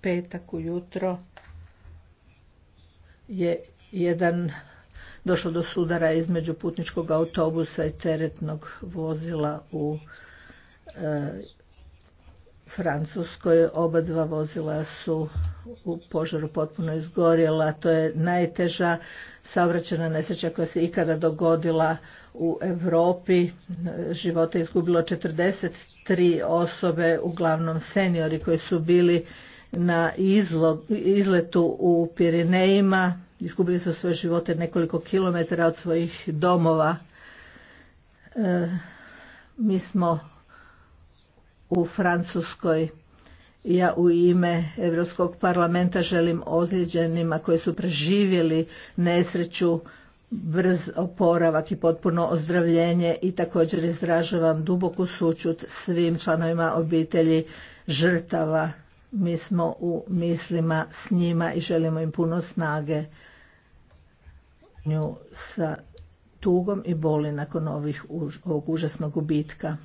petak ujutro je jedan došlo do sudara između putničkog autobusa i teretnog vozila u e, Francuskoj. Oba dva vozila su u požaru potpuno izgorjela. To je najteža savraćena nesreća koja se ikada dogodila u Europi. Života je izgubilo 43 osobe, uglavnom seniori koji su bili na izletu u Pirinejima. Izgubili su svoje živote nekoliko kilometara od svojih domova. E, mi smo u Francuskoj ja u ime Europskog parlamenta želim ozlijeđenima koji su preživjeli nesreću brz oporavak i potpuno ozdravljenje i također izražavam duboku sućut svim članovima obitelji žrtava mi smo u mislima s njima i želimo im puno snage sa tugom i boli nakon ovih, ovog užasnog gubitka.